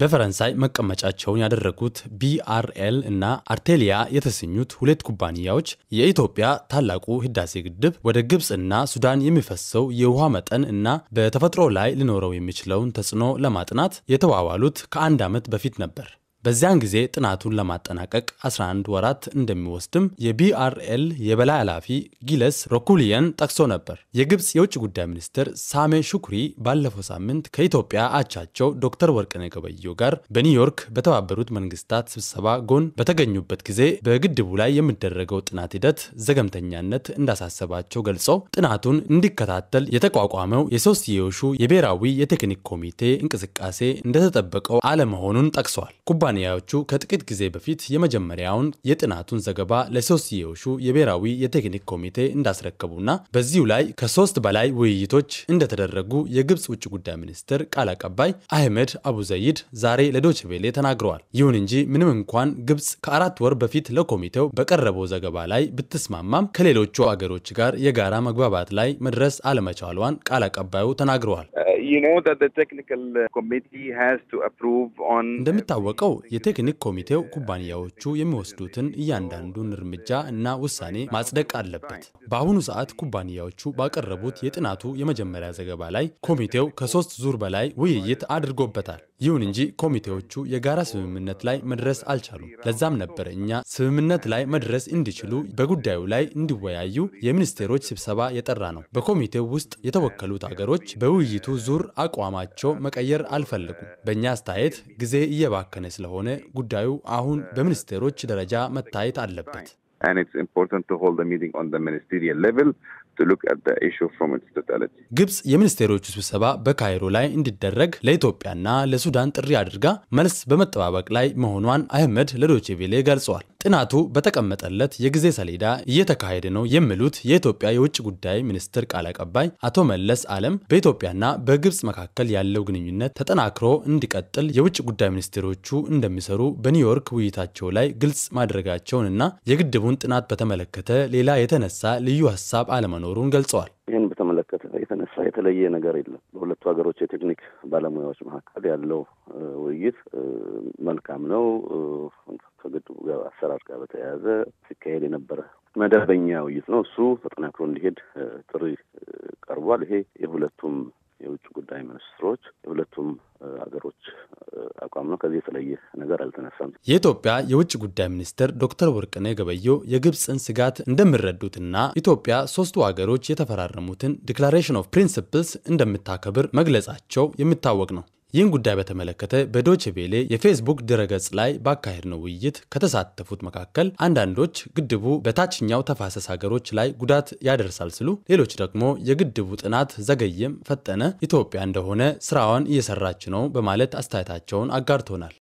በፈረንሳይ መቀመጫቸውን ያደረጉት ቢአርኤል እና አርቴሊያ የተሰኙት ሁለት ኩባንያዎች የኢትዮጵያ ታላቁ ህዳሴ ግድብ ወደ ግብፅና ሱዳን የሚፈሰው የውሃ መጠን እና በተፈጥሮ ላይ ሊኖረው የሚችለውን ተጽዕኖ ለማጥናት የተዋዋሉት ከአንድ ዓመት በፊት ነበር። በዚያን ጊዜ ጥናቱን ለማጠናቀቅ 11 ወራት እንደሚወስድም የቢአርኤል የበላይ ኃላፊ ጊለስ ሮኩሊየን ጠቅሶ ነበር። የግብፅ የውጭ ጉዳይ ሚኒስትር ሳሜ ሹኩሪ ባለፈው ሳምንት ከኢትዮጵያ አቻቸው ዶክተር ወርቅነህ ገበየሁ ጋር በኒውዮርክ በተባበሩት መንግስታት ስብሰባ ጎን በተገኙበት ጊዜ በግድቡ ላይ የሚደረገው ጥናት ሂደት ዘገምተኛነት እንዳሳሰባቸው ገልጾ ጥናቱን እንዲከታተል የተቋቋመው የሶስትዮሹ የብሔራዊ የቴክኒክ ኮሚቴ እንቅስቃሴ እንደተጠበቀው አለመሆኑን ጠቅሷል። ኩባንያዎቹ ከጥቂት ጊዜ በፊት የመጀመሪያውን የጥናቱን ዘገባ ለሶስትዮሹ የብሔራዊ የቴክኒክ ኮሚቴ እንዳስረከቡና በዚሁ ላይ ከሶስት በላይ ውይይቶች እንደተደረጉ የግብፅ ውጭ ጉዳይ ሚኒስትር ቃል አቀባይ አህመድ አቡ ዘይድ ዛሬ ለዶችቬሌ ተናግረዋል። ይሁን እንጂ ምንም እንኳን ግብፅ ከአራት ወር በፊት ለኮሚቴው በቀረበው ዘገባ ላይ ብትስማማም ከሌሎቹ አገሮች ጋር የጋራ መግባባት ላይ መድረስ አለመቻሏን ቃል አቀባዩ ተናግረዋል። uh, እንደምታወቀው የቴክኒክ ኮሚቴው ኩባንያዎቹ የሚወስዱትን እያንዳንዱን እርምጃ እና ውሳኔ ማጽደቅ አለበት። በአሁኑ ሰዓት ኩባንያዎቹ ባቀረቡት የጥናቱ የመጀመሪያ ዘገባ ላይ ኮሚቴው ከሶስት ዙር በላይ ውይይት አድርጎበታል። ይሁን እንጂ ኮሚቴዎቹ የጋራ ስምምነት ላይ መድረስ አልቻሉም። ለዛም ነበር እኛ ስምምነት ላይ መድረስ እንዲችሉ በጉዳዩ ላይ እንዲወያዩ የሚኒስቴሮች ስብሰባ የጠራ ነው። በኮሚቴው ውስጥ የተወከሉት አገሮች በውይይቱ ዙር አቋማቸው መቀየር አልፈለጉም። በእኛ አስተያየት ጊዜ እየባከነ ስለሆነ ስለሆነ ጉዳዩ አሁን በሚኒስቴሮች ደረጃ መታየት አለበት። ግብጽ የሚኒስቴሮቹ ስብሰባ በካይሮ ላይ እንዲደረግ ለኢትዮጵያና ለሱዳን ጥሪ አድርጋ መልስ በመጠባበቅ ላይ መሆኗን አህመድ ለዶቼ ቬሌ ገልጸዋል። ጥናቱ በተቀመጠለት የጊዜ ሰሌዳ እየተካሄደ ነው የሚሉት የኢትዮጵያ የውጭ ጉዳይ ሚኒስትር ቃል አቀባይ አቶ መለስ አለም በኢትዮጵያና በግብጽ መካከል ያለው ግንኙነት ተጠናክሮ እንዲቀጥል የውጭ ጉዳይ ሚኒስቴሮቹ እንደሚሰሩ በኒውዮርክ ውይይታቸው ላይ ግልጽ ማድረጋቸውንና የግድቡን ጥናት በተመለከተ ሌላ የተነሳ ልዩ ሀሳብ አለመኖሩን ገልጸዋል። የተለየ ነገር የለም። በሁለቱ ሀገሮች የቴክኒክ ባለሙያዎች መካከል ያለው ውይይት መልካም ነው። ከግድቡ አሰራር ጋር በተያያዘ ሲካሄድ የነበረ መደበኛ ውይይት ነው። እሱ ተጠናክሮ እንዲሄድ ጥሪ ቀርቧል። ይሄ የሁለቱም የውጭ ጉዳይ ሚኒስትሮች የሁለቱም ሀገሮች አቋም ነው። ከዚህ የተለየ ነገር አልተነሳም። የኢትዮጵያ የውጭ ጉዳይ ሚኒስትር ዶክተር ወርቅነህ ገበየሁ የግብፅን ስጋት እንደሚረዱትና ኢትዮጵያ ሶስቱ ሀገሮች የተፈራረሙትን ዲክላሬሽን ኦፍ ፕሪንስፕልስ እንደምታከብር መግለጻቸው የሚታወቅ ነው። ይህን ጉዳይ በተመለከተ በዶች ቤሌ የፌስቡክ ድረገጽ ላይ ነው ውይይት ከተሳተፉት መካከል አንዳንዶች ግድቡ በታችኛው ተፋሰስ ሀገሮች ላይ ጉዳት ያደርሳል ሲሉ፣ ሌሎች ደግሞ የግድቡ ጥናት ዘገየም ፈጠነ ኢትዮጵያ እንደሆነ ስራዋን እየሰራች ነው በማለት አስተያየታቸውን አጋርቶናል።